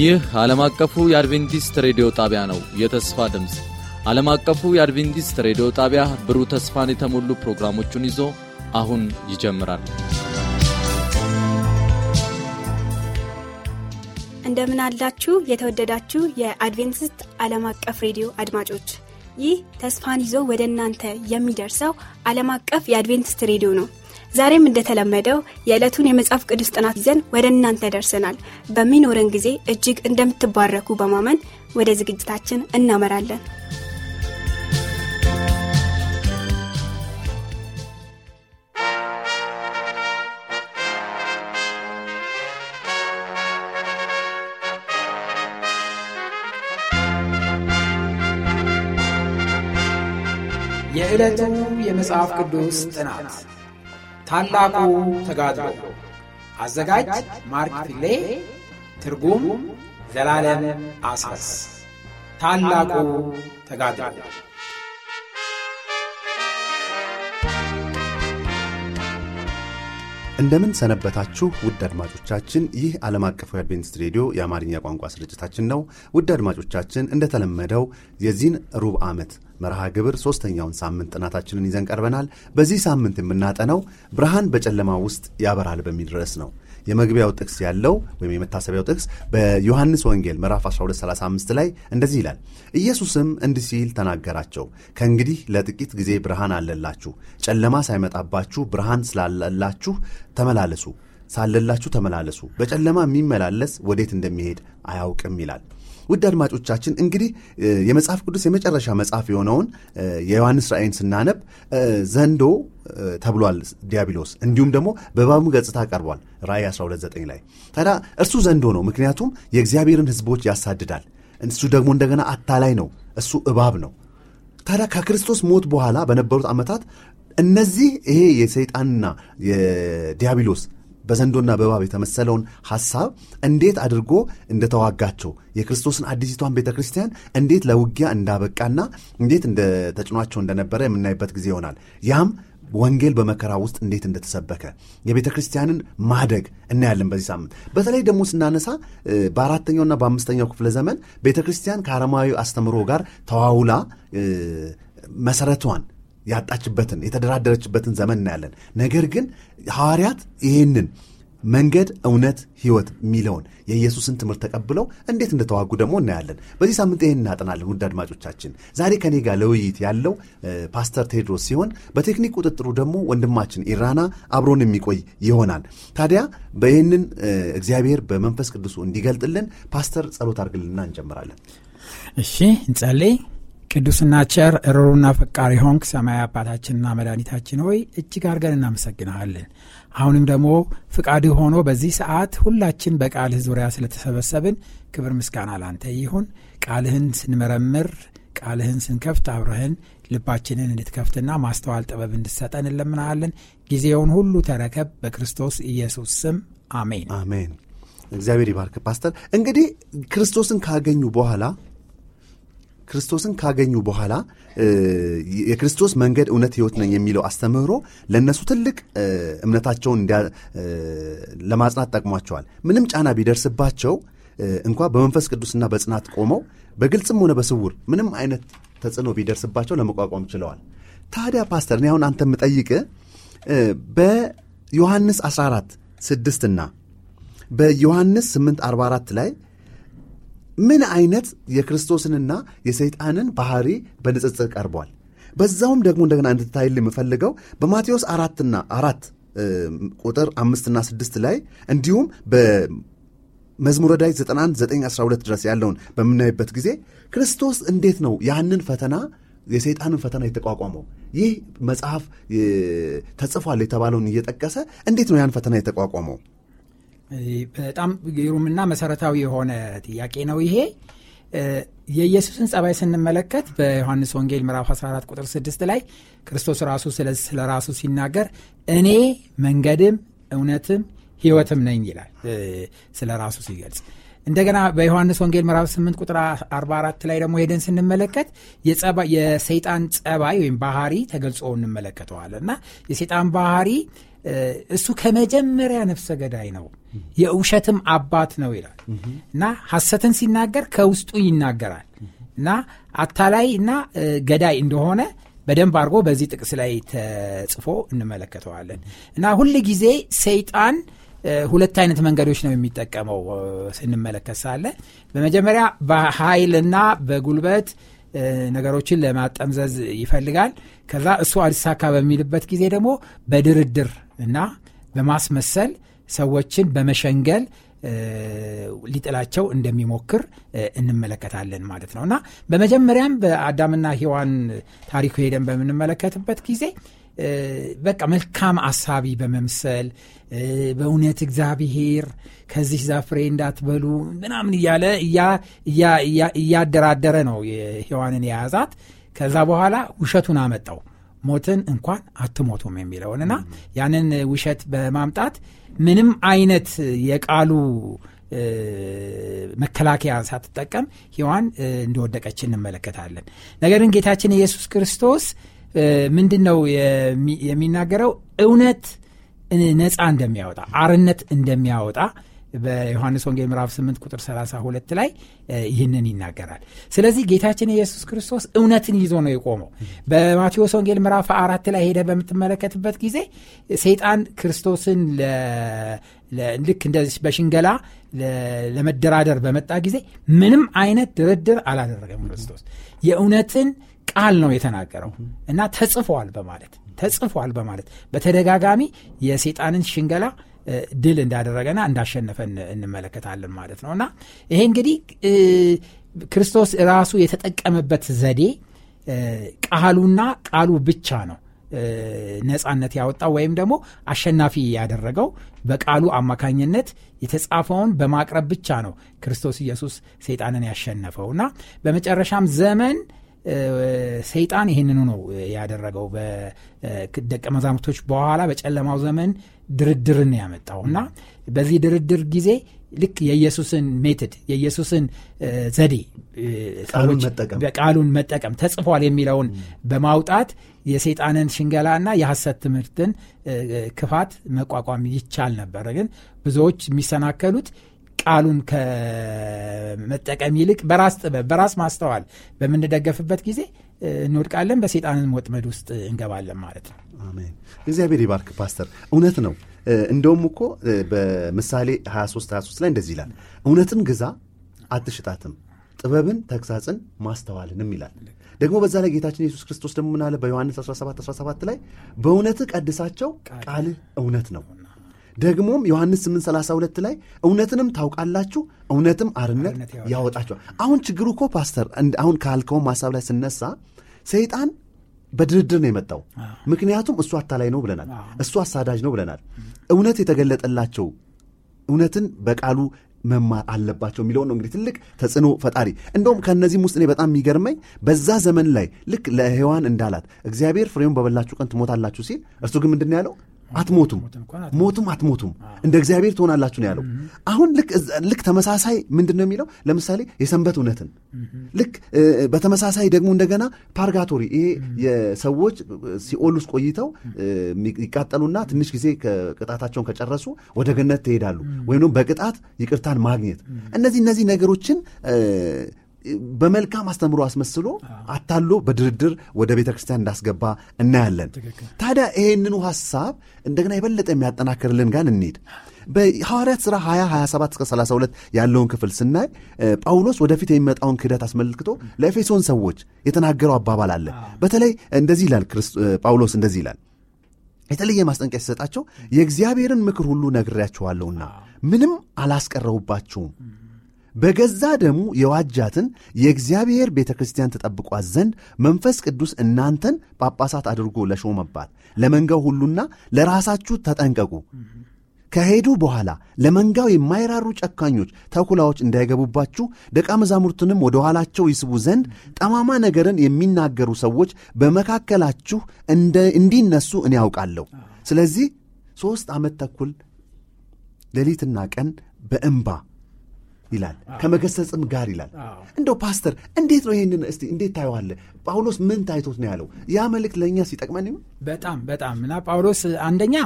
ይህ ዓለም አቀፉ የአድቬንቲስት ሬዲዮ ጣቢያ ነው። የተስፋ ድምፅ ዓለም አቀፉ የአድቬንቲስት ሬዲዮ ጣቢያ ብሩህ ተስፋን የተሞሉ ፕሮግራሞቹን ይዞ አሁን ይጀምራል። እንደምን አላችሁ የተወደዳችሁ የአድቬንቲስት ዓለም አቀፍ ሬዲዮ አድማጮች። ይህ ተስፋን ይዞ ወደ እናንተ የሚደርሰው ዓለም አቀፍ የአድቬንቲስት ሬዲዮ ነው። ዛሬም እንደተለመደው የዕለቱን የመጽሐፍ ቅዱስ ጥናት ይዘን ወደ እናንተ ደርሰናል። በሚኖረን ጊዜ እጅግ እንደምትባረኩ በማመን ወደ ዝግጅታችን እናመራለን። የዕለቱ የመጽሐፍ ቅዱስ ጥናት ታላቁ ተጋድሎ አዘጋጅ ማርክ ፊሌ፣ ትርጉም ዘላለም አሳስ። ታላቁ ተጋድሎ እንደምን ሰነበታችሁ ውድ አድማጮቻችን። ይህ ዓለም አቀፋዊ አድቬንቲስት ሬዲዮ የአማርኛ ቋንቋ ስርጭታችን ነው። ውድ አድማጮቻችን፣ እንደተለመደው የዚህን ሩብ ዓመት መርሃ ግብር ሦስተኛውን ሳምንት ጥናታችንን ይዘን ቀርበናል። በዚህ ሳምንት የምናጠነው ብርሃን በጨለማ ውስጥ ያበራል በሚል ርዕስ ነው። የመግቢያው ጥቅስ ያለው ወይም የመታሰቢያው ጥቅስ በዮሐንስ ወንጌል ምዕራፍ 1235 ላይ እንደዚህ ይላል። ኢየሱስም እንዲህ ሲል ተናገራቸው፣ ከእንግዲህ ለጥቂት ጊዜ ብርሃን አለላችሁ፣ ጨለማ ሳይመጣባችሁ ብርሃን ስላለላችሁ ተመላለሱ ሳለላችሁ ተመላለሱ። በጨለማ የሚመላለስ ወዴት እንደሚሄድ አያውቅም ይላል። ውድ አድማጮቻችን እንግዲህ የመጽሐፍ ቅዱስ የመጨረሻ መጽሐፍ የሆነውን የዮሐንስ ራእይን ስናነብ ዘንዶ ተብሏል ዲያብሎስ፣ እንዲሁም ደግሞ በባቡ ገጽታ ቀርቧል ራእይ 129 ላይ። ታዲያ እርሱ ዘንዶ ነው፣ ምክንያቱም የእግዚአብሔርን ህዝቦች ያሳድዳል። እሱ ደግሞ እንደገና አታላይ ነው፣ እሱ እባብ ነው። ታዲያ ከክርስቶስ ሞት በኋላ በነበሩት ዓመታት እነዚህ ይሄ የሰይጣንና የዲያብሎስ በዘንዶና በባብ የተመሰለውን ሐሳብ እንዴት አድርጎ እንደተዋጋቸው የክርስቶስን አዲሲቷን ቤተ ክርስቲያን እንዴት ለውጊያ እንዳበቃና እንዴት እንደተጭኗቸው እንደነበረ የምናይበት ጊዜ ይሆናል። ያም ወንጌል በመከራ ውስጥ እንዴት እንደተሰበከ የቤተ ክርስቲያንን ማደግ እናያለን። በዚህ ሳምንት በተለይ ደግሞ ስናነሳ በአራተኛውና በአምስተኛው ክፍለ ዘመን ቤተ ክርስቲያን ከአረማዊ አስተምሮ ጋር ተዋውላ መሰረቷን ያጣችበትን የተደራደረችበትን ዘመን እናያለን። ነገር ግን ሐዋርያት ይህንን መንገድ፣ እውነት፣ ህይወት የሚለውን የኢየሱስን ትምህርት ተቀብለው እንዴት እንደተዋጉ ደግሞ እናያለን። በዚህ ሳምንት ይህን እናጠናለን። ውድ አድማጮቻችን ዛሬ ከኔ ጋር ለውይይት ያለው ፓስተር ቴድሮስ ሲሆን በቴክኒክ ቁጥጥሩ ደግሞ ወንድማችን ኢራና አብሮን የሚቆይ ይሆናል። ታዲያ በይህንን እግዚአብሔር በመንፈስ ቅዱሱ እንዲገልጥልን ፓስተር ጸሎት አድርግልና እንጀምራለን። እሺ እንጸልይ። ቅዱስና ቸር ሩሩና ፈቃሪ ሆንክ ሰማያዊ አባታችንና መድኃኒታችን ሆይ እጅግ አድርገን እናመሰግናሃለን። አሁንም ደግሞ ፍቃድህ ሆኖ በዚህ ሰዓት ሁላችን በቃልህ ዙሪያ ስለተሰበሰብን ክብር ምስጋና ላንተ ይሁን። ቃልህን ስንመረምር ቃልህን ስንከፍት አብረህን ልባችንን እንድትከፍትና ማስተዋል ጥበብ እንድትሰጠን እንለምናሃለን። ጊዜውን ሁሉ ተረከብ። በክርስቶስ ኢየሱስ ስም አሜን አሜን። እግዚአብሔር ይባርክ። ፓስተር እንግዲህ ክርስቶስን ካገኙ በኋላ ክርስቶስን ካገኙ በኋላ የክርስቶስ መንገድ እውነት ህይወት ነኝ የሚለው አስተምህሮ ለእነሱ ትልቅ እምነታቸውን ለማጽናት ጠቅሟቸዋል። ምንም ጫና ቢደርስባቸው እንኳ በመንፈስ ቅዱስና በጽናት ቆመው በግልጽም ሆነ በስውር ምንም አይነት ተጽዕኖ ቢደርስባቸው ለመቋቋም ችለዋል። ታዲያ ፓስተር እኔ አሁን አንተ የምጠይቅ በዮሐንስ 14 ስድስትና በዮሐንስ 8 44 ላይ ምን አይነት የክርስቶስንና የሰይጣንን ባህሪ በንጽጽር ቀርቧል። በዛውም ደግሞ እንደገና እንድታይል የምፈልገው በማቴዎስ አራትና አራት ቁጥር አምስትና ስድስት ላይ እንዲሁም በመዝሙረ ዳዊት 91 ድረስ ያለውን በምናይበት ጊዜ ክርስቶስ እንዴት ነው ያንን ፈተና የሰይጣንን ፈተና የተቋቋመው? ይህ መጽሐፍ ተጽፏል የተባለውን እየጠቀሰ እንዴት ነው ያን ፈተና የተቋቋመው? በጣም ግሩምና መሰረታዊ የሆነ ጥያቄ ነው ይሄ። የኢየሱስን ጸባይ ስንመለከት በዮሐንስ ወንጌል ምዕራፍ 14 ቁጥር 6 ላይ ክርስቶስ ራሱ ስለ ራሱ ሲናገር እኔ መንገድም እውነትም ህይወትም ነኝ ይላል ስለ ራሱ ሲገልጽ። እንደገና በዮሐንስ ወንጌል ምዕራፍ 8 ቁጥር 44 ላይ ደግሞ ሄደን ስንመለከት የሰይጣን ጸባይ ወይም ባህሪ ተገልጾ እንመለከተዋል እና የሰይጣን ባህሪ እሱ ከመጀመሪያ ነፍሰ ገዳይ ነው የውሸትም አባት ነው ይላል እና ሐሰትን ሲናገር ከውስጡ ይናገራል እና አታላይ እና ገዳይ እንደሆነ በደንብ አድርጎ በዚህ ጥቅስ ላይ ተጽፎ እንመለከተዋለን እና ሁል ጊዜ ሰይጣን ሁለት አይነት መንገዶች ነው የሚጠቀመው ስንመለከት ሳለ በመጀመሪያ በኃይልና በጉልበት ነገሮችን ለማጠምዘዝ ይፈልጋል ከዛ እሱ አልሳካ በሚልበት ጊዜ ደግሞ በድርድር እና በማስመሰል ሰዎችን በመሸንገል ሊጥላቸው እንደሚሞክር እንመለከታለን ማለት ነው እና በመጀመሪያም በአዳምና ሔዋን ታሪኩ ሄደን በምንመለከትበት ጊዜ በቃ መልካም አሳቢ በመምሰል በእውነት እግዚአብሔር ከዚህ ዛፍሬ እንዳትበሉ ምናምን እያለ እያደራደረ ነው ሔዋንን የያዛት። ከዛ በኋላ ውሸቱን አመጣው ሞትን እንኳን አትሞቱም የሚለውን እና ያንን ውሸት በማምጣት ምንም አይነት የቃሉ መከላከያ ሳትጠቀም ሔዋን እንደወደቀች እንመለከታለን። ነገር ግን ጌታችን ኢየሱስ ክርስቶስ ምንድን ነው የሚናገረው? እውነት ነፃ እንደሚያወጣ አርነት እንደሚያወጣ በዮሐንስ ወንጌል ምዕራፍ 8 ቁጥር 32 ላይ ይህንን ይናገራል። ስለዚህ ጌታችን ኢየሱስ ክርስቶስ እውነትን ይዞ ነው የቆመው። በማቴዎስ ወንጌል ምዕራፍ አራት ላይ ሄደ በምትመለከትበት ጊዜ ሰይጣን ክርስቶስን ልክ እንደዚህ በሽንገላ ለመደራደር በመጣ ጊዜ ምንም አይነት ድርድር አላደረገም። ክርስቶስ የእውነትን ቃል ነው የተናገረው እና ተጽፏል በማለት ተጽፏል በማለት በተደጋጋሚ የሴጣንን ሽንገላ ድል እንዳደረገና እንዳሸነፈ እንመለከታለን ማለት ነው እና ይሄ እንግዲህ ክርስቶስ ራሱ የተጠቀመበት ዘዴ ቃሉና ቃሉ ብቻ ነው ነፃነት ያወጣው ወይም ደግሞ አሸናፊ ያደረገው በቃሉ አማካኝነት የተጻፈውን በማቅረብ ብቻ ነው ክርስቶስ ኢየሱስ ሰይጣንን ያሸነፈው እና በመጨረሻም ዘመን ሰይጣን ይህንኑ ነው ያደረገው። ደቀ መዛሙርቶች በኋላ በጨለማው ዘመን ድርድርን ያመጣው እና በዚህ ድርድር ጊዜ ልክ የኢየሱስን ሜትድ የኢየሱስን ዘዴ ቃሉን መጠቀም ተጽፏል የሚለውን በማውጣት የሰይጣንን ሽንገላና የሐሰት ትምህርትን ክፋት መቋቋም ይቻል ነበር። ግን ብዙዎች የሚሰናከሉት ቃሉን ከመጠቀም ይልቅ በራስ ጥበብ በራስ ማስተዋል በምንደገፍበት ጊዜ እንወድቃለን፣ በሴጣንን ወጥመድ ውስጥ እንገባለን ማለት ነው። አሜን። እግዚአብሔር ይባርክ ፓስተር። እውነት ነው። እንደውም እኮ በምሳሌ 23 23 ላይ እንደዚህ ይላል፣ እውነትን ግዛ አትሽጣትም፣ ጥበብን ተግሳጽን ማስተዋልንም ይላል። ደግሞ በዛ ላይ ጌታችን ኢየሱስ ክርስቶስ ደግሞ ምናለ በዮሐንስ 17 17 ላይ በእውነት ቀድሳቸው ቃልህ እውነት ነው ደግሞም ዮሐንስ 832 ላይ እውነትንም ታውቃላችሁ እውነትም አርነት ያወጣችኋል። አሁን ችግሩ እኮ ፓስተር፣ አሁን ካልከውም ሀሳብ ላይ ስነሳ ሰይጣን በድርድር ነው የመጣው። ምክንያቱም እሱ አታላይ ነው ብለናል፣ እሱ አሳዳጅ ነው ብለናል። እውነት የተገለጠላቸው እውነትን በቃሉ መማር አለባቸው የሚለውን ነው እንግዲህ ትልቅ ተጽዕኖ ፈጣሪ። እንደውም ከእነዚህም ውስጥ እኔ በጣም የሚገርመኝ በዛ ዘመን ላይ ልክ ለሔዋን እንዳላት እግዚአብሔር ፍሬውን በበላችሁ ቀን ትሞታላችሁ ሲል እርሱ ግን ምንድን ያለው አትሞቱም፣ ሞቱም አትሞቱም እንደ እግዚአብሔር ትሆናላችሁ ነው ያለው። አሁን ልክ ተመሳሳይ ምንድን ነው የሚለው? ለምሳሌ የሰንበት እውነትን ልክ በተመሳሳይ ደግሞ እንደገና ፓርጋቶሪ፣ ይሄ የሰዎች ሲኦል ቆይተው ይቃጠሉና ትንሽ ጊዜ ቅጣታቸውን ከጨረሱ ወደ ገነት ትሄዳሉ፣ ወይም በቅጣት ይቅርታን ማግኘት እነዚህ እነዚህ ነገሮችን በመልካም አስተምሮ አስመስሎ አታሎ በድርድር ወደ ቤተ ክርስቲያን እንዳስገባ እናያለን። ታዲያ ይሄንኑ ሀሳብ እንደገና የበለጠ የሚያጠናክርልን ጋር እንሂድ። በሐዋርያት ሥራ 20 27 እስከ 32 ያለውን ክፍል ስናይ ጳውሎስ ወደፊት የሚመጣውን ክህደት አስመልክቶ ለኤፌሶን ሰዎች የተናገረው አባባል አለ። በተለይ እንደዚህ ይላል ጳውሎስ እንደዚህ ይላል የተለየ ማስጠንቀቂያ ሲሰጣቸው የእግዚአብሔርን ምክር ሁሉ ነግሬያችኋለሁና ምንም አላስቀረውባችሁም በገዛ ደሙ የዋጃትን የእግዚአብሔር ቤተ ክርስቲያን ተጠብቋት ዘንድ መንፈስ ቅዱስ እናንተን ጳጳሳት አድርጎ ለሾመባት ለመንጋው ሁሉና ለራሳችሁ ተጠንቀቁ። ከሄዱ በኋላ ለመንጋው የማይራሩ ጨካኞች ተኩላዎች እንዳይገቡባችሁ ደቀ መዛሙርትንም ወደ ኋላቸው ይስቡ ዘንድ ጠማማ ነገርን የሚናገሩ ሰዎች በመካከላችሁ እንዲነሱ እኔ ያውቃለሁ። ስለዚህ ሦስት ዓመት ተኩል ሌሊትና ቀን በእንባ ይላል ከመገሰጽም ጋር ይላል። እንደው ፓስተር እንዴት ነው ይህንን እስቲ እንዴት ታየዋለ? ጳውሎስ ምን ታይቶት ነው ያለው? ያ መልእክት ለእኛ ሲጠቅመን በጣም በጣም እና ጳውሎስ አንደኛ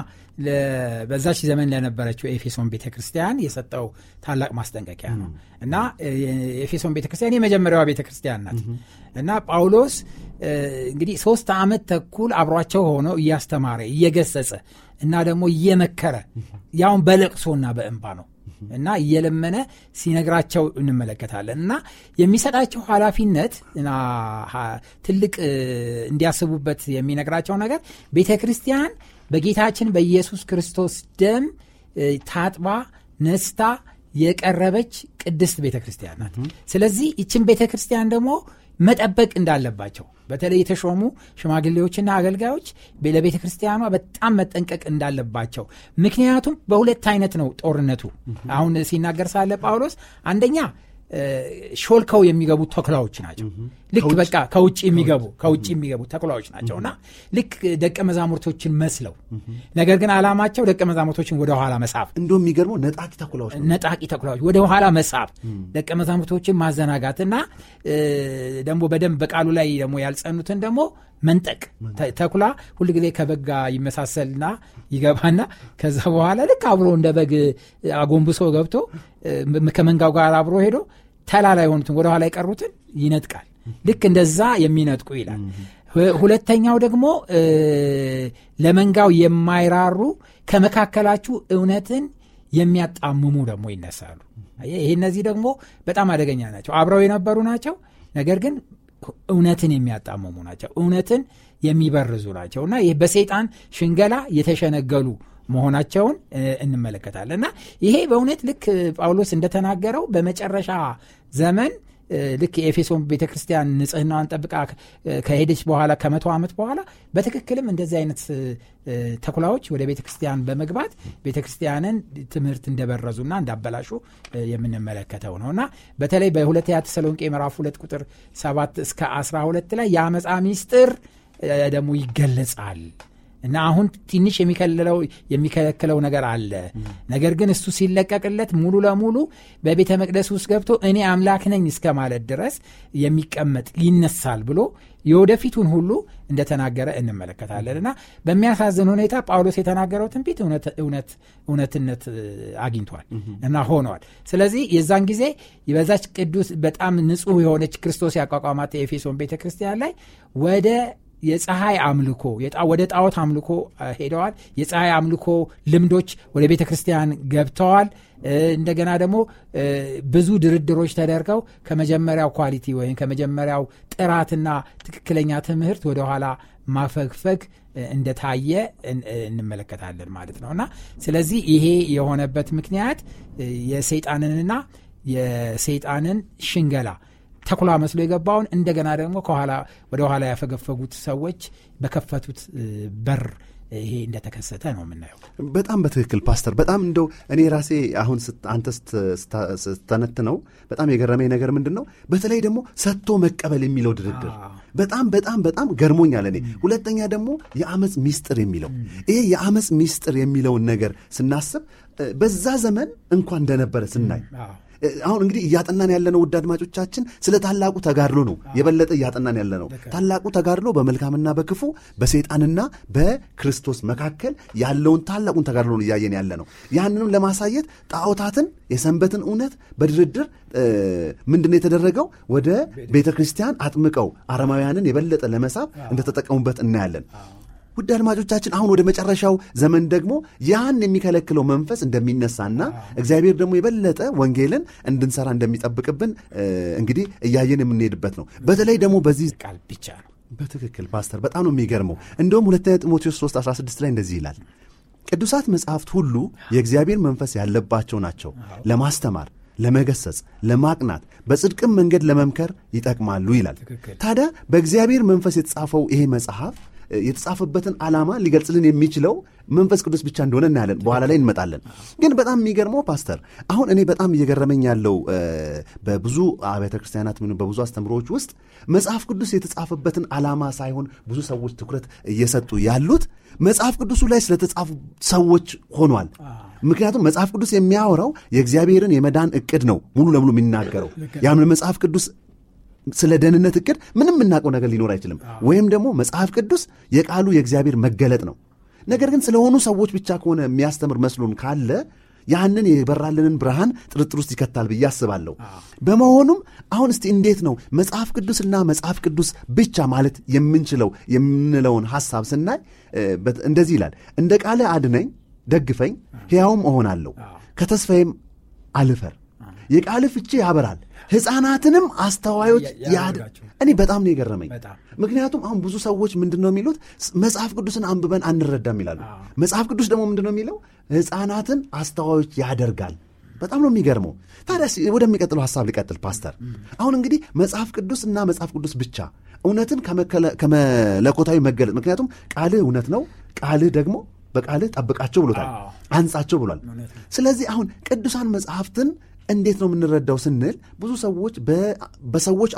በዛች ዘመን ለነበረችው ኤፌሶን ቤተ ክርስቲያን የሰጠው ታላቅ ማስጠንቀቂያ ነው እና ኤፌሶን ቤተ ክርስቲያን የመጀመሪያዋ ቤተ ክርስቲያን ናት እና ጳውሎስ እንግዲህ ሶስት ዓመት ተኩል አብሯቸው ሆኖ እያስተማረ እየገሰጸ እና ደግሞ እየመከረ ያውን በለቅሶና በእንባ ነው እና እየለመነ ሲነግራቸው እንመለከታለን እና የሚሰጣቸው ኃላፊነት እና ትልቅ እንዲያስቡበት የሚነግራቸው ነገር ቤተ ክርስቲያን በጌታችን በኢየሱስ ክርስቶስ ደም ታጥባ ነስታ የቀረበች ቅድስት ቤተ ክርስቲያን ናት። ስለዚህ ይችን ቤተ ክርስቲያን ደግሞ መጠበቅ እንዳለባቸው በተለይ የተሾሙ ሽማግሌዎችና አገልጋዮች ለቤተ ክርስቲያኗ በጣም መጠንቀቅ እንዳለባቸው ምክንያቱም በሁለት አይነት ነው ጦርነቱ አሁን ሲናገር ሳለ ጳውሎስ አንደኛ ሾልከው የሚገቡ ተኩላዎች ናቸው ልክ በቃ ከውጭ የሚገቡ ከውጭ የሚገቡ ተኩላዎች ናቸውና ልክ ደቀ መዛሙርቶችን መስለው ነገር ግን አላማቸው ደቀ መዛሙርቶችን ወደኋላ መሳብ እንዲሁ የሚገርመው ነጣቂ ተኩላዎች ነጣቂ ተኩላዎች ወደኋላ መሳብ ደቀ መዛሙርቶችን ማዘናጋትና ደግሞ በደንብ በቃሉ ላይ ደግሞ ያልጸኑትን ደግሞ መንጠቅ ተኩላ ጊዜ ከበጋ ይመሳሰልና ይገባና ከዛ በኋላ ልክ አብሮ እንደ በግ አጎንብሶ ገብቶ ከመንጋው ጋር አብሮ ሄዶ ተላላ የሆኑትን ወደ ኋላ የቀሩትን ይነጥቃል። ልክ እንደዛ የሚነጥቁ ይላል። ሁለተኛው ደግሞ ለመንጋው የማይራሩ ከመካከላችሁ እውነትን የሚያጣምሙ ደግሞ ይነሳሉ። ይህ እነዚህ ደግሞ በጣም አደገኛ ናቸው። አብረው የነበሩ ናቸው፣ ነገር ግን እውነትን የሚያጣምሙ ናቸው። እውነትን የሚበርዙ ናቸው እና ይህ በሰይጣን ሽንገላ የተሸነገሉ መሆናቸውን እንመለከታለን እና ይሄ በእውነት ልክ ጳውሎስ እንደተናገረው በመጨረሻ ዘመን ልክ የኤፌሶን ቤተክርስቲያን ንጽህናዋን ጠብቃ ከሄደች በኋላ ከመቶ ዓመት በኋላ በትክክልም እንደዚህ አይነት ተኩላዎች ወደ ቤተክርስቲያን በመግባት ቤተክርስቲያንን ትምህርት እንደበረዙና እንዳበላሹ የምንመለከተው ነው እና በተለይ በሁለተኛ ተሰሎንቄ ምዕራፍ ሁለት ቁጥር 7 እስከ 12 ላይ የአመፃ ሚስጥር ደግሞ ይገለጻል እና አሁን ትንሽ የሚከለክለው ነገር አለ። ነገር ግን እሱ ሲለቀቅለት ሙሉ ለሙሉ በቤተ መቅደስ ውስጥ ገብቶ እኔ አምላክ ነኝ እስከ ማለት ድረስ የሚቀመጥ ይነሳል ብሎ የወደፊቱን ሁሉ እንደተናገረ እንመለከታለን እና በሚያሳዝን ሁኔታ ጳውሎስ የተናገረው ትንቢት እውነትነት አግኝቷል እና ሆኗል። ስለዚህ የዛን ጊዜ በዛች ቅዱስ በጣም ንጹህ የሆነች ክርስቶስ ያቋቋማት የኤፌሶን ቤተ ክርስቲያን ላይ ወደ የፀሐይ አምልኮ ወደ ጣዖት አምልኮ ሄደዋል። የፀሐይ አምልኮ ልምዶች ወደ ቤተ ክርስቲያን ገብተዋል። እንደገና ደግሞ ብዙ ድርድሮች ተደርገው ከመጀመሪያው ኳሊቲ ወይም ከመጀመሪያው ጥራትና ትክክለኛ ትምህርት ወደኋላ ማፈግፈግ እንደታየ እንመለከታለን ማለት ነው እና ስለዚህ ይሄ የሆነበት ምክንያት የሰይጣንንና የሰይጣንን ሽንገላ ተኩላ መስሎ የገባውን እንደገና ደግሞ ከኋላ ወደ ኋላ ያፈገፈጉት ሰዎች በከፈቱት በር ይሄ እንደተከሰተ ነው የምናየው። በጣም በትክክል ፓስተር። በጣም እንደው እኔ ራሴ አሁን አንተ ስተነት ነው በጣም የገረመኝ ነገር ምንድን ነው፣ በተለይ ደግሞ ሰጥቶ መቀበል የሚለው ድርድር በጣም በጣም በጣም ገርሞኛል እኔ። ሁለተኛ ደግሞ የአመፅ ሚስጥር የሚለው ይሄ የአመፅ ሚስጥር የሚለውን ነገር ስናስብ በዛ ዘመን እንኳን እንደነበረ ስናይ አሁን እንግዲህ እያጠናን ያለነው ውድ አድማጮቻችን ስለ ታላቁ ተጋድሎ ነው የበለጠ እያጠናን ያለነው። ታላቁ ተጋድሎ በመልካምና በክፉ በሰይጣንና በክርስቶስ መካከል ያለውን ታላቁን ተጋድሎ ነው እያየን ያለ ነው። ያንንም ለማሳየት ጣዖታትን የሰንበትን እውነት በድርድር ምንድነው የተደረገው ወደ ቤተ ክርስቲያን አጥምቀው አረማውያንን የበለጠ ለመሳብ እንደተጠቀሙበት እናያለን። ውድ አድማጮቻችን አሁን ወደ መጨረሻው ዘመን ደግሞ ያን የሚከለክለው መንፈስ እንደሚነሳና እግዚአብሔር ደግሞ የበለጠ ወንጌልን እንድንሰራ እንደሚጠብቅብን እንግዲህ እያየን የምንሄድበት ነው። በተለይ ደግሞ በዚህ ቃል ብቻ ነው። በትክክል ፓስተር፣ በጣም ነው የሚገርመው። እንደውም ሁለተኛ ጢሞቴዎስ 3 16 ላይ እንደዚህ ይላል ቅዱሳት መጽሐፍት ሁሉ የእግዚአብሔር መንፈስ ያለባቸው ናቸው፣ ለማስተማር፣ ለመገሰጽ፣ ለማቅናት፣ በጽድቅም መንገድ ለመምከር ይጠቅማሉ ይላል። ታዲያ በእግዚአብሔር መንፈስ የተጻፈው ይሄ መጽሐፍ የተጻፈበትን ዓላማ ሊገልጽልን የሚችለው መንፈስ ቅዱስ ብቻ እንደሆነ እናያለን። በኋላ ላይ እንመጣለን። ግን በጣም የሚገርመው ፓስተር፣ አሁን እኔ በጣም እየገረመኝ ያለው በብዙ አብያተ ክርስቲያናት በብዙ አስተምሮዎች ውስጥ መጽሐፍ ቅዱስ የተጻፈበትን ዓላማ ሳይሆን ብዙ ሰዎች ትኩረት እየሰጡ ያሉት መጽሐፍ ቅዱሱ ላይ ስለተጻፉ ሰዎች ሆኗል። ምክንያቱም መጽሐፍ ቅዱስ የሚያወራው የእግዚአብሔርን የመዳን እቅድ ነው ሙሉ ለሙሉ የሚናገረው ያም መጽሐፍ ቅዱስ ስለ ደህንነት እቅድ ምንም የምናውቀው ነገር ሊኖር አይችልም። ወይም ደግሞ መጽሐፍ ቅዱስ የቃሉ የእግዚአብሔር መገለጥ ነው። ነገር ግን ስለሆኑ ሰዎች ብቻ ከሆነ የሚያስተምር መስሎን ካለ ያንን የበራልንን ብርሃን ጥርጥር ውስጥ ይከታል ብዬ አስባለሁ። በመሆኑም አሁን እስቲ እንዴት ነው መጽሐፍ ቅዱስና መጽሐፍ ቅዱስ ብቻ ማለት የምንችለው የምንለውን ሐሳብ ስናይ እንደዚህ ይላል። እንደ ቃለ አድነኝ፣ ደግፈኝ፣ ሕያውም እሆናለሁ ከተስፋዬም አልፈር የቃል ፍቺ ያበራል ህፃናትንም አስተዋዮች እኔ በጣም ነው የገረመኝ ምክንያቱም አሁን ብዙ ሰዎች ምንድን ነው የሚሉት መጽሐፍ ቅዱስን አንብበን አንረዳም ይላሉ መጽሐፍ ቅዱስ ደግሞ ምንድን ነው የሚለው ህፃናትን አስተዋዮች ያደርጋል በጣም ነው የሚገርመው ታዲያ ወደሚቀጥለው ሀሳብ ሊቀጥል ፓስተር አሁን እንግዲህ መጽሐፍ ቅዱስ እና መጽሐፍ ቅዱስ ብቻ እውነትን ከመለኮታዊ መገለጥ ምክንያቱም ቃልህ እውነት ነው ቃልህ ደግሞ በቃልህ ጠብቃቸው ብሎታል አንጻቸው ብሏል ስለዚህ አሁን ቅዱሳን መጽሐፍትን እንዴት ነው የምንረዳው ስንል ብዙ ሰዎች በሰዎች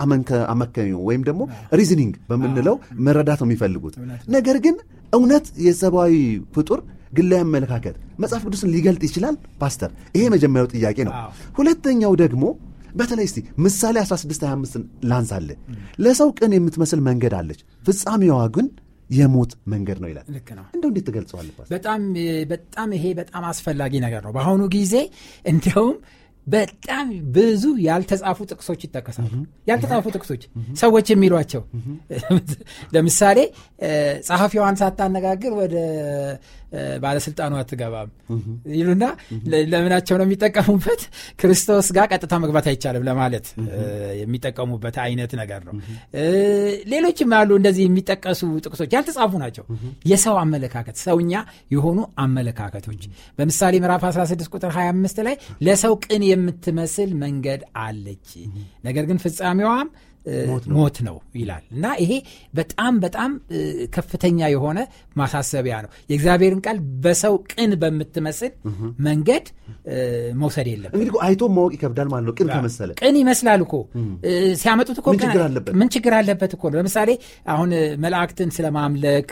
አመካኝ ወይም ደግሞ ሪዝኒንግ በምንለው መረዳት ነው የሚፈልጉት። ነገር ግን እውነት የሰብአዊ ፍጡር ግላዊ አመለካከት መጽሐፍ ቅዱስን ሊገልጥ ይችላል ፓስተር? ይሄ የመጀመሪያው ጥያቄ ነው። ሁለተኛው ደግሞ በተለይ እስቲ ምሳሌ 1625ን ላንሳለ ለሰው ቅን የምትመስል መንገድ አለች፣ ፍጻሜዋ ግን የሞት መንገድ ነው ይላል። እንደው እንዴት ትገልጸዋል? በጣም በጣም ይሄ በጣም አስፈላጊ ነገር ነው። በአሁኑ ጊዜ እንዲያውም በጣም ብዙ ያልተጻፉ ጥቅሶች ይጠቀሳሉ። ያልተጻፉ ጥቅሶች ሰዎች የሚሏቸው ለምሳሌ ጸሐፊዋን ሳታነጋግር ወደ ባለስልጣኑ አትገባም ይሉና ለምናቸው ነው የሚጠቀሙበት? ክርስቶስ ጋር ቀጥታ መግባት አይቻልም ለማለት የሚጠቀሙበት አይነት ነገር ነው። ሌሎችም አሉ እንደዚህ የሚጠቀሱ ጥቅሶች ያልተጻፉ ናቸው። የሰው አመለካከት፣ ሰውኛ የሆኑ አመለካከቶች በምሳሌ ምዕራፍ 16 ቁጥር 25 ላይ ለሰው ቅን የምትመስል መንገድ አለች ነገር ግን ፍጻሜዋም ሞት ነው ይላል እና ይሄ በጣም በጣም ከፍተኛ የሆነ ማሳሰቢያ ነው። የእግዚአብሔርን ቃል በሰው ቅን በምትመስል መንገድ መውሰድ የለም። እንግዲህ አይቶ ማወቅ ይከብዳል ማለት ነው። ቅን ከመሰለ ቅን ይመስላል እኮ ሲያመጡት እኮ ምን ችግር አለበት እኮ ነው። ለምሳሌ አሁን መላእክትን ስለማምለክ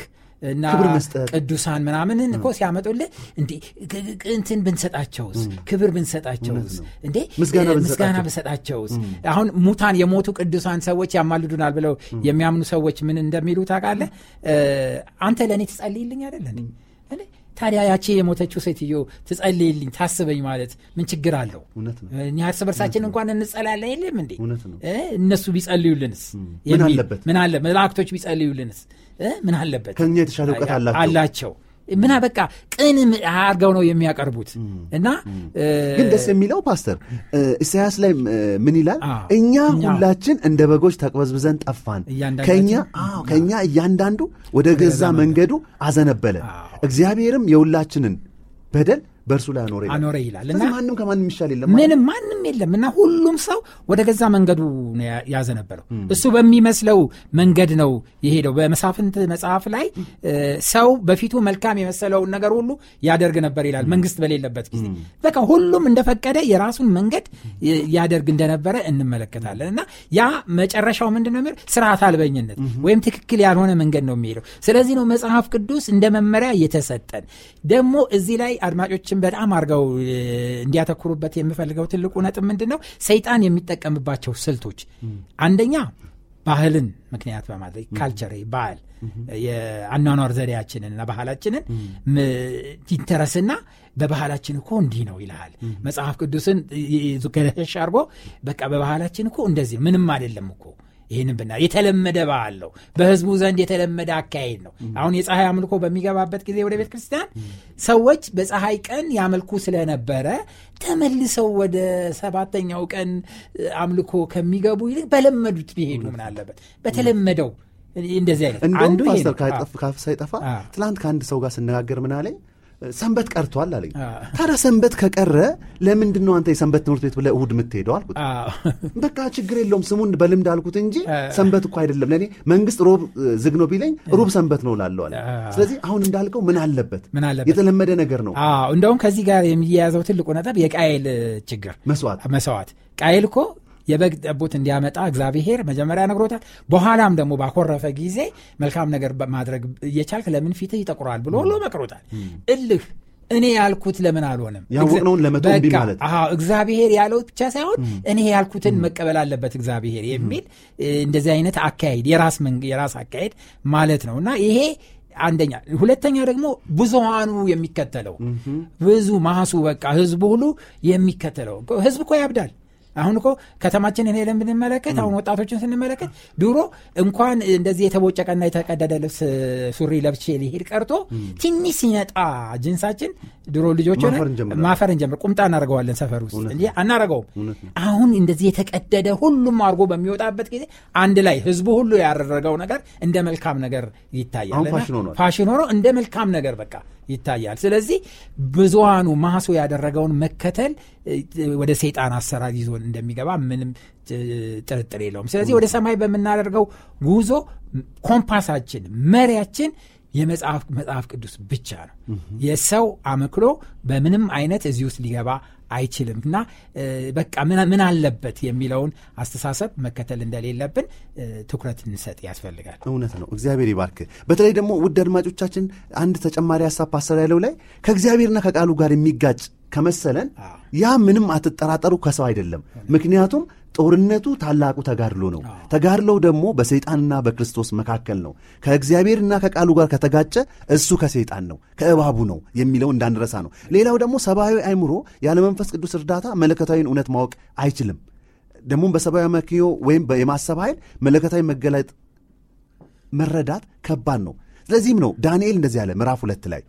እና ቅዱሳን ምናምንን እኮ ሲያመጡልህ እንትን ብንሰጣቸውስ ክብር ብንሰጣቸውስ እንዴ ምስጋና ብንሰጣቸውስ አሁን ሙታን የሞቱ ቅዱሳን ሰዎች ያማልዱናል ብለው የሚያምኑ ሰዎች ምን እንደሚሉ ታቃለ አንተ ለእኔ ትጸልይልኝ አደለን ታዲያ ያቺ የሞተችው ሴትዮ ትጸልይልኝ ታስበኝ ማለት ምን ችግር አለው እኛ እርስ በርሳችን እንኳን እንጸላለ የለም እንዴ እነሱ ቢጸልዩልንስ ምን አለ መላእክቶች ቢጸልዩልንስ ምን አለበት ከኛ የተሻለ እውቀት አላቸው ምና በቃ ቅን አርገው ነው የሚያቀርቡት እና ግን ደስ የሚለው ፓስተር ኢሳያስ ላይ ምን ይላል እኛ ሁላችን እንደ በጎች ተቅበዝብዘን ጠፋን ከእኛ እያንዳንዱ ወደ ገዛ መንገዱ አዘነበለ እግዚአብሔርም የሁላችንን በደል በእርሱ ላይ አኖረ አኖረ ይላል እና ማንም ከማንም ይሻል የለም ምንም ማንም የለም እና ሁሉም ሰው ወደ ገዛ መንገዱ ያዘ ነበረው እሱ በሚመስለው መንገድ ነው የሄደው በመሳፍንት መጽሐፍ ላይ ሰው በፊቱ መልካም የመሰለውን ነገር ሁሉ ያደርግ ነበር ይላል መንግስት በሌለበት ጊዜ በቃ ሁሉም እንደፈቀደ የራሱን መንገድ ያደርግ እንደነበረ እንመለከታለን እና ያ መጨረሻው ምንድነ ነው ስርዓት አልበኝነት ወይም ትክክል ያልሆነ መንገድ ነው የሚሄደው ስለዚህ ነው መጽሐፍ ቅዱስ እንደ መመሪያ የተሰጠን ደግሞ እዚህ ላይ አድማጮች ሰዎችን በጣም አድርገው እንዲያተኩሩበት የምፈልገው ትልቁ ነጥብ ምንድን ነው? ሰይጣን የሚጠቀምባቸው ስልቶች አንደኛ ባህልን ምክንያት በማድረግ ካልቸር ባህል የአኗኗር ዘዴያችንን እና ባህላችንን ይንተረስና በባህላችን እኮ እንዲህ ነው ይልሃል። መጽሐፍ ቅዱስን ገደሽ አድርጎ በቃ በባህላችን እኮ እንደዚህ ምንም አይደለም እኮ ይህንን ብና የተለመደ በዓል ነው። በህዝቡ ዘንድ የተለመደ አካሄድ ነው። አሁን የፀሐይ አምልኮ በሚገባበት ጊዜ ወደ ቤተ ክርስቲያን ሰዎች በፀሐይ ቀን ያመልኩ ስለነበረ ተመልሰው ወደ ሰባተኛው ቀን አምልኮ ከሚገቡ ይልቅ በለመዱት ቢሄዱ ምን አለበት? በተለመደው እንደዚህ አይነት አንዱ ሳይጠፋ ትላንት ከአንድ ሰው ጋር ስነጋገር ምናለኝ ሰንበት ቀርቷል አለኝ። ታዲያ ሰንበት ከቀረ ለምንድን ነው አንተ የሰንበት ትምህርት ቤት ብለህ እሁድ የምትሄደው አልኩት። በቃ ችግር የለውም ስሙን በልምድ አልኩት እንጂ ሰንበት እኮ አይደለም ለእኔ መንግስት ሮብ ዝግ ነው ቢለኝ ሩብ ሰንበት ነው ላለዋል። ስለዚህ አሁን እንዳልከው ምን አለበት የተለመደ ነገር ነው። እንደውም ከዚህ ጋር የሚያያዘው ትልቁ ነጥብ የቃየል ችግር መስዋዕት ቃየል እኮ የበግ ጠቦት እንዲያመጣ እግዚአብሔር መጀመሪያ ነግሮታል። በኋላም ደግሞ ባኮረፈ ጊዜ መልካም ነገር ማድረግ እየቻልክ ለምን ፊትህ ይጠቁራል ብሎ ሁሉ መቅሮታል እልህ እኔ ያልኩት ለምን አልሆነም? ያወቅነውን ለመቶ እምቢ ማለት እግዚአብሔር ያለው ብቻ ሳይሆን እኔ ያልኩትን መቀበል አለበት እግዚአብሔር የሚል እንደዚህ አይነት አካሄድ የራስ የራስ አካሄድ ማለት ነው እና ይሄ አንደኛ ሁለተኛ ደግሞ ብዙሃኑ የሚከተለው ብዙ ማሱ በቃ ህዝቡ ሁሉ የሚከተለው ህዝብ እኮ ያብዳል አሁን እኮ ከተማችን እኔ ለምንመለከት አሁን ወጣቶችን ስንመለከት ድሮ እንኳን እንደዚህ የተቦጨቀና የተቀደደ ልብስ ሱሪ ለብቼ ሊሄድ ቀርቶ ትንሽ ሲነጣ ጅንሳችን ድሮ ልጆች ማፈር እንጀምር ቁምጣ እናደርገዋለን ሰፈር ውስጥ እ አናደርገውም አሁን እንደዚህ የተቀደደ ሁሉም አድርጎ በሚወጣበት ጊዜ አንድ ላይ ህዝቡ ሁሉ ያደረገው ነገር እንደ መልካም ነገር ይታያል ፋሽን ሆኖ እንደ መልካም ነገር በቃ ይታያል ስለዚህ ብዙሃኑ ማሶ ያደረገውን መከተል ወደ ሰይጣን አሰራር ይዞ እንደሚገባ ምንም ጥርጥር የለውም። ስለዚህ ወደ ሰማይ በምናደርገው ጉዞ ኮምፓሳችን፣ መሪያችን የመጽሐፍ ቅዱስ ብቻ ነው። የሰው አመክሎ በምንም አይነት እዚህ ውስጥ ሊገባ አይችልም እና በቃ ምን አለበት የሚለውን አስተሳሰብ መከተል እንደሌለብን ትኩረት እንሰጥ ያስፈልጋል። እውነት ነው። እግዚአብሔር ይባርክ። በተለይ ደግሞ ውድ አድማጮቻችን አንድ ተጨማሪ ሀሳብ ፓስተር ያለው ላይ ከእግዚአብሔርና ከቃሉ ጋር የሚጋጭ ከመሰለን ያ ምንም አትጠራጠሩ ከሰው አይደለም። ምክንያቱም ጦርነቱ ታላቁ ተጋድሎ ነው። ተጋድሎው ደግሞ በሰይጣንና በክርስቶስ መካከል ነው። ከእግዚአብሔርና ከቃሉ ጋር ከተጋጨ እሱ ከሰይጣን ነው፣ ከእባቡ ነው የሚለው እንዳንረሳ ነው። ሌላው ደግሞ ሰብአዊ አይምሮ ያለ መንፈስ ቅዱስ እርዳታ መለከታዊን እውነት ማወቅ አይችልም። ደግሞም በሰብአዊ መኪዮ ወይም የማሰብ ኃይል መለከታዊ መገለጥ መረዳት ከባድ ነው። ስለዚህም ነው ዳንኤል እንደዚህ ያለ ምዕራፍ ሁለት ላይ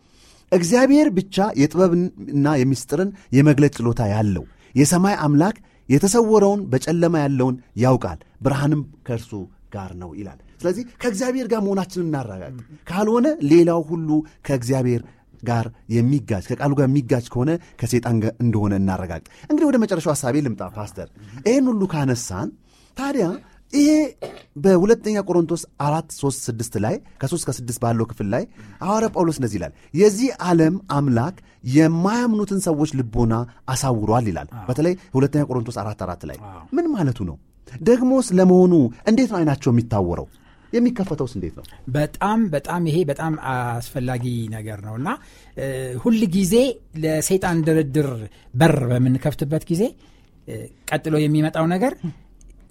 እግዚአብሔር ብቻ የጥበብና የሚስጥርን የመግለጥ ችሎታ ያለው የሰማይ አምላክ የተሰወረውን በጨለማ ያለውን ያውቃል፣ ብርሃንም ከእርሱ ጋር ነው ይላል። ስለዚህ ከእግዚአብሔር ጋር መሆናችንን እናረጋግጥ። ካልሆነ ሌላው ሁሉ ከእግዚአብሔር ጋር የሚጋጅ ከቃሉ ጋር የሚጋጅ ከሆነ ከሴጣን እንደሆነ እናረጋግጥ። እንግዲህ ወደ መጨረሻው ሀሳቤ ልምጣ ፓስተር። ይህን ሁሉ ካነሳን ታዲያ ይሄ በሁለተኛ ቆሮንቶስ አራት ሶስት ስድስት ላይ ከሶስት ከስድስት ባለው ክፍል ላይ ሐዋርያ ጳውሎስ እንደዚህ ይላል የዚህ ዓለም አምላክ የማያምኑትን ሰዎች ልቦና አሳውሯል ይላል በተለይ ሁለተኛ ቆሮንቶስ አራት አራት ላይ ምን ማለቱ ነው ደግሞስ ለመሆኑ እንዴት ነው አይናቸው የሚታወረው የሚከፈተውስ እንዴት ነው በጣም በጣም ይሄ በጣም አስፈላጊ ነገር ነው እና ሁል ጊዜ ለሰይጣን ድርድር በር በምንከፍትበት ጊዜ ቀጥሎ የሚመጣው ነገር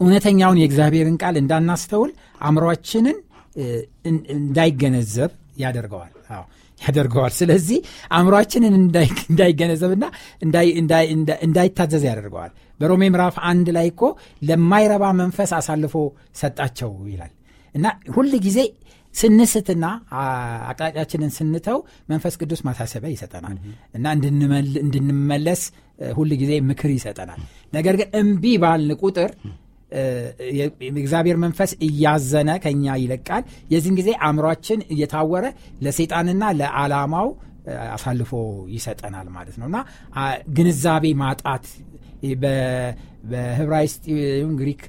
እውነተኛውን የእግዚአብሔርን ቃል እንዳናስተውል አእምሯችንን እንዳይገነዘብ ያደርገዋል ያደርገዋል። ስለዚህ አእምሯችንን እንዳይገነዘብና እንዳይታዘዝ ያደርገዋል። በሮሜ ምዕራፍ አንድ ላይ እኮ ለማይረባ መንፈስ አሳልፎ ሰጣቸው ይላል እና ሁል ጊዜ ስንስትና አቅጣጫችንን ስንተው መንፈስ ቅዱስ ማሳሰቢያ ይሰጠናል እና እንድንመለስ ሁል ጊዜ ምክር ይሰጠናል። ነገር ግን እምቢ ባልን ቁጥር የእግዚአብሔር መንፈስ እያዘነ ከኛ ይለቃል። የዚህን ጊዜ አእምሯችን እየታወረ ለሰይጣንና ለዓላማው አሳልፎ ይሰጠናል ማለት ነው እና ግንዛቤ ማጣት በህብራይስጥ ግሪክ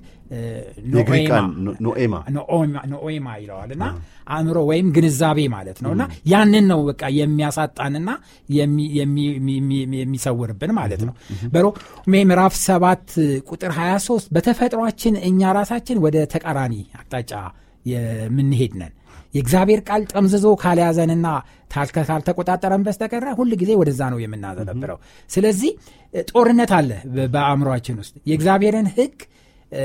ኖኤማ ይለዋል እና አእምሮ ወይም ግንዛቤ ማለት ነው እና ያንን ነው በቃ የሚያሳጣንና የሚሰውርብን ማለት ነው በሮሜ ምዕራፍ ሰባት ቁጥር 23 በተፈጥሯችን እኛ ራሳችን ወደ ተቃራኒ አቅጣጫ የምንሄድ ነን የእግዚአብሔር ቃል ጠምዝዞ ካልያዘንና ካልተቆጣጠረን በስተቀረ ሁል ጊዜ ወደዛ ነው የምናዘነብረው ስለዚህ ጦርነት አለ በአእምሯችን ውስጥ የእግዚአብሔርን ህግ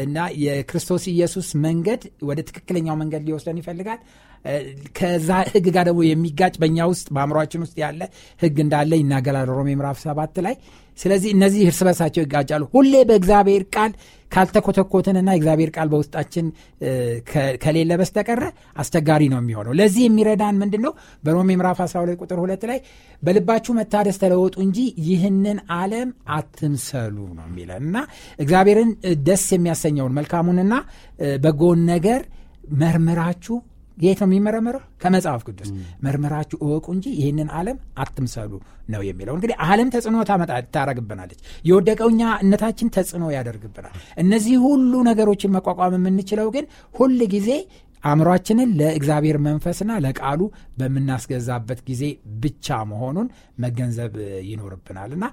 እና የክርስቶስ ኢየሱስ መንገድ ወደ ትክክለኛው መንገድ ሊወስደን ይፈልጋል። ከዛ ህግ ጋር ደግሞ የሚጋጭ በእኛ ውስጥ በአእምሯችን ውስጥ ያለ ህግ እንዳለ ይናገራል ሮሜ ምዕራፍ ሰባት ላይ ስለዚህ እነዚህ እርስ በርሳቸው ይጋጫሉ። ሁሌ በእግዚአብሔር ቃል ካልተኮተኮትንና እግዚአብሔር ቃል በውስጣችን ከሌለ በስተቀረ አስቸጋሪ ነው የሚሆነው። ለዚህ የሚረዳን ምንድን ነው? በሮሜ ምራፍ 12 ቁጥር 2 ላይ በልባችሁ መታደስ ተለወጡ እንጂ ይህንን አለም አትምሰሉ ነው የሚለን እና እግዚአብሔርን ደስ የሚያሰኘውን መልካሙንና በጎን ነገር መርምራችሁ የት ነው የሚመረመረው? ከመጽሐፍ ቅዱስ መርምራችሁ እወቁ እንጂ ይህንን ዓለም አትምሰሉ ነው የሚለው። እንግዲህ ዓለም ተጽዕኖ ታረግብናለች። የወደቀው እነታችን ተጽዕኖ ያደርግብናል። እነዚህ ሁሉ ነገሮችን መቋቋም የምንችለው ግን ሁል ጊዜ አእምሯችንን ለእግዚአብሔር መንፈስና ለቃሉ በምናስገዛበት ጊዜ ብቻ መሆኑን መገንዘብ ይኖርብናል እና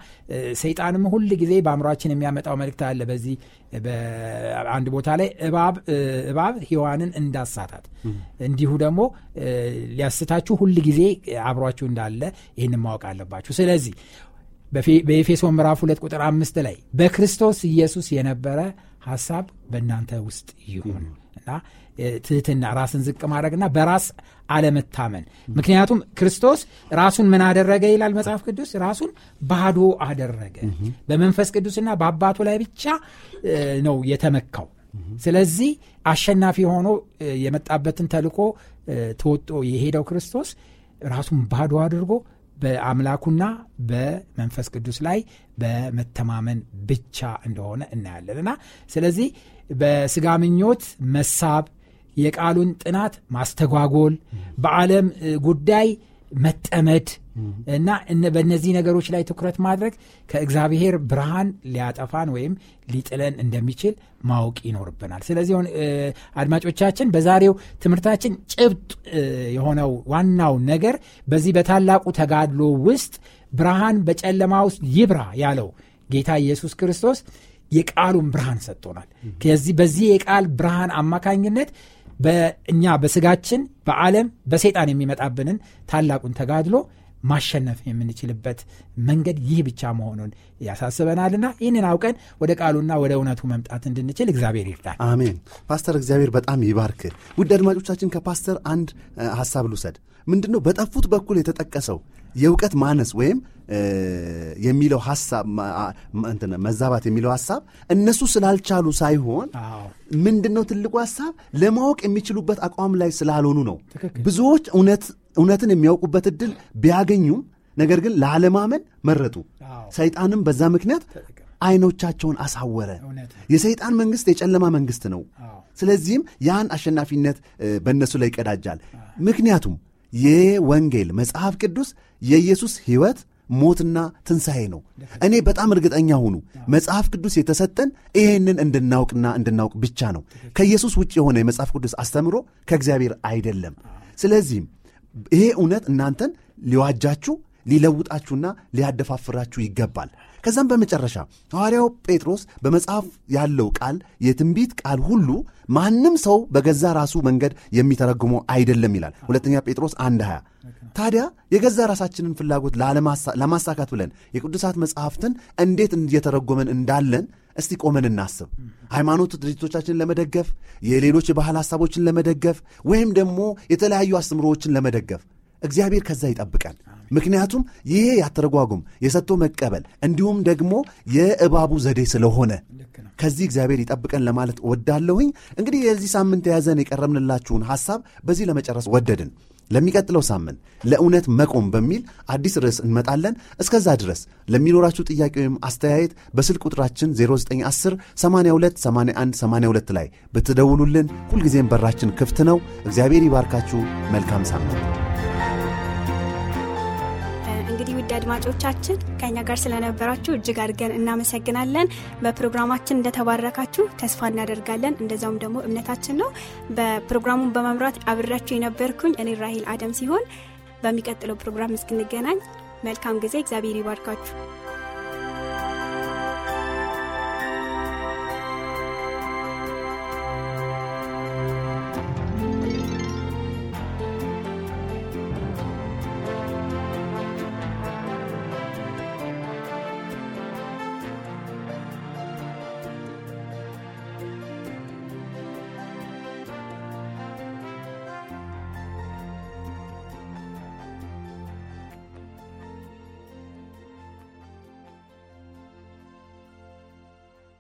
ሰይጣንም ሁል ጊዜ በአእምሯችን የሚያመጣው መልእክት አለ። በዚህ አንድ ቦታ ላይ እባብ ሔዋንን እንዳሳታት እንዲሁ ደግሞ ሊያስታችሁ ሁል ጊዜ አብሯችሁ እንዳለ ይህን ማወቅ አለባችሁ። ስለዚህ በኤፌሶ ምዕራፍ ሁለት ቁጥር አምስት ላይ በክርስቶስ ኢየሱስ የነበረ ሀሳብ በእናንተ ውስጥ ይሁን እና ትህትና፣ ራስን ዝቅ ማድረግና በራስ አለመታመን። ምክንያቱም ክርስቶስ ራሱን ምን አደረገ ይላል መጽሐፍ ቅዱስ፣ ራሱን ባዶ አደረገ። በመንፈስ ቅዱስና በአባቱ ላይ ብቻ ነው የተመካው። ስለዚህ አሸናፊ ሆኖ የመጣበትን ተልኮ ተወጦ የሄደው ክርስቶስ ራሱን ባዶ አድርጎ በአምላኩና በመንፈስ ቅዱስ ላይ በመተማመን ብቻ እንደሆነ እናያለን እና ስለዚህ በስጋ ምኞት መሳብ የቃሉን ጥናት ማስተጓጎል፣ በዓለም ጉዳይ መጠመድ እና በእነዚህ ነገሮች ላይ ትኩረት ማድረግ ከእግዚአብሔር ብርሃን ሊያጠፋን ወይም ሊጥለን እንደሚችል ማወቅ ይኖርብናል። ስለዚህ አድማጮቻችን፣ በዛሬው ትምህርታችን ጭብጥ የሆነው ዋናው ነገር በዚህ በታላቁ ተጋድሎ ውስጥ ብርሃን በጨለማ ውስጥ ይብራ ያለው ጌታ ኢየሱስ ክርስቶስ የቃሉን ብርሃን ሰጥቶናል። በዚህ የቃል ብርሃን አማካኝነት በእኛ በስጋችን በዓለም በሰይጣን የሚመጣብንን ታላቁን ተጋድሎ ማሸነፍ የምንችልበት መንገድ ይህ ብቻ መሆኑን ያሳስበናልና ይህንን አውቀን ወደ ቃሉና ወደ እውነቱ መምጣት እንድንችል እግዚአብሔር ይርዳል አሜን ፓስተር እግዚአብሔር በጣም ይባርክ ውድ አድማጮቻችን ከፓስተር አንድ ሀሳብ ልውሰድ ምንድን ነው በጠፉት በኩል የተጠቀሰው የእውቀት ማነስ ወይም የሚለው ሀሳብ መዛባት የሚለው ሀሳብ እነሱ ስላልቻሉ ሳይሆን ምንድን ነው ትልቁ ሀሳብ ለማወቅ የሚችሉበት አቋም ላይ ስላልሆኑ ነው ብዙዎች እውነት እውነትን የሚያውቁበት እድል ቢያገኙም ነገር ግን ላለማመን መረጡ። ሰይጣንም በዛ ምክንያት አይኖቻቸውን አሳወረ። የሰይጣን መንግስት የጨለማ መንግስት ነው። ስለዚህም ያን አሸናፊነት በእነሱ ላይ ይቀዳጃል። ምክንያቱም የወንጌል መጽሐፍ ቅዱስ የኢየሱስ ሕይወት ሞትና ትንሣኤ ነው። እኔ በጣም እርግጠኛ ሁኑ፣ መጽሐፍ ቅዱስ የተሰጠን ይሄንን እንድናውቅና እንድናውቅ ብቻ ነው። ከኢየሱስ ውጭ የሆነ የመጽሐፍ ቅዱስ አስተምሮ ከእግዚአብሔር አይደለም። ስለዚህም ይሄ እውነት እናንተን ሊዋጃችሁ ሊለውጣችሁና ሊያደፋፍራችሁ ይገባል። ከዛም በመጨረሻ ሐዋርያው ጴጥሮስ በመጽሐፍ ያለው ቃል የትንቢት ቃል ሁሉ ማንም ሰው በገዛ ራሱ መንገድ የሚተረጉመው አይደለም ይላል ሁለተኛ ጴጥሮስ አንድ 20 ታዲያ የገዛ ራሳችንን ፍላጎት ለማሳካት ብለን የቅዱሳት መጽሐፍትን እንዴት እየተረጎመን እንዳለን እስቲ ቆመን እናስብ። ሃይማኖት ድርጅቶቻችንን ለመደገፍ የሌሎች የባህል ሀሳቦችን ለመደገፍ ወይም ደግሞ የተለያዩ አስተምሮዎችን ለመደገፍ እግዚአብሔር ከዛ ይጠብቃል። ምክንያቱም ይሄ ያተረጓጉም የሰጥቶ መቀበል እንዲሁም ደግሞ የእባቡ ዘዴ ስለሆነ ከዚህ እግዚአብሔር ይጠብቀን ለማለት ወዳለሁኝ። እንግዲህ የዚህ ሳምንት የያዘን የቀረብንላችሁን ሐሳብ በዚህ ለመጨረስ ወደድን። ለሚቀጥለው ሳምንት ለእውነት መቆም በሚል አዲስ ርዕስ እንመጣለን። እስከዛ ድረስ ለሚኖራችሁ ጥያቄ ወይም አስተያየት በስልክ ቁጥራችን 0910 82 ላይ ብትደውሉልን ሁልጊዜም በራችን ክፍት ነው። እግዚአብሔር ይባርካችሁ። መልካም ሳምንት እንግዲህ ውድ አድማጮቻችን ከኛ ጋር ስለነበራችሁ እጅግ አድርገን እናመሰግናለን። በፕሮግራማችን እንደተባረካችሁ ተስፋ እናደርጋለን። እንደዛውም ደግሞ እምነታችን ነው። በፕሮግራሙን በመምራት አብራችሁ የነበርኩኝ እኔ ራሂል አደም ሲሆን በሚቀጥለው ፕሮግራም እስክንገናኝ መልካም ጊዜ፣ እግዚአብሔር ይባርካችሁ።